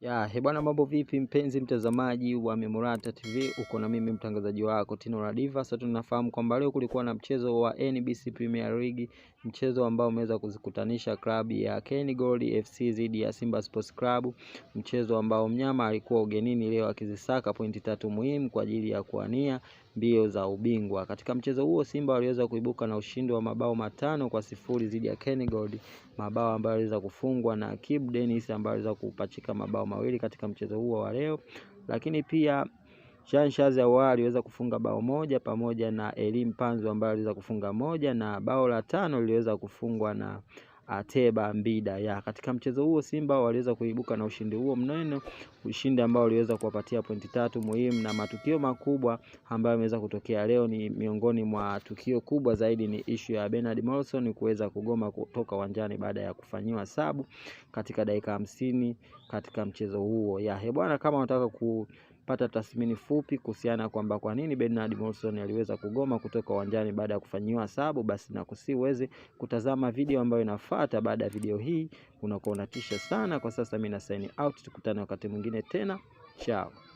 Ya, hebwana mambo vipi mpenzi mtazamaji wa Memorata TV, uko na mimi mtangazaji wako Tino Radiva. Sasa tunafahamu kwamba leo kulikuwa na mchezo wa NBC Premier League, mchezo ambao umeweza kuzikutanisha klabu ya Gold FC dhidi ya Simba Sports Club, mchezo ambao mnyama alikuwa ugenini leo akizisaka pointi tatu muhimu kwa ajili ya kuania mbio za ubingwa. Katika mchezo huo Simba waliweza kuibuka na ushindi wa mabao matano kwa sifuri dhidi ya Gold, mabao ambayo yaliweza kufungwa na Kibu Dennis ambaye aliweza kupachika mabao mawili katika mchezo huo wa leo, lakini pia Shanshazi Awali aliweza kufunga bao moja pamoja na Elim Panzu ambaye aliweza kufunga moja na bao la tano liliweza kufungwa na Ateba Mbida ya. Katika mchezo huo Simba waliweza kuibuka na ushindi huo mnene ushindi ambao uliweza kuwapatia pointi tatu muhimu, na matukio makubwa ambayo yameweza kutokea leo ni miongoni mwa tukio kubwa zaidi ni ishu ya Bernard Morrison kuweza kugoma kutoka uwanjani baada ya kufanyiwa sabu katika dakika hamsini katika mchezo huo ya hebwana, kama unataka ku pata tathmini fupi kuhusiana kwamba kwa nini Bernard Morrison aliweza kugoma kutoka uwanjani baada ya kufanyiwa sabu, basi na kusiweze kutazama video ambayo inafuata baada ya video hii. Unakuwa unatisha sana kwa sasa. Mimi na sign out, tukutane wakati mwingine tena, chao.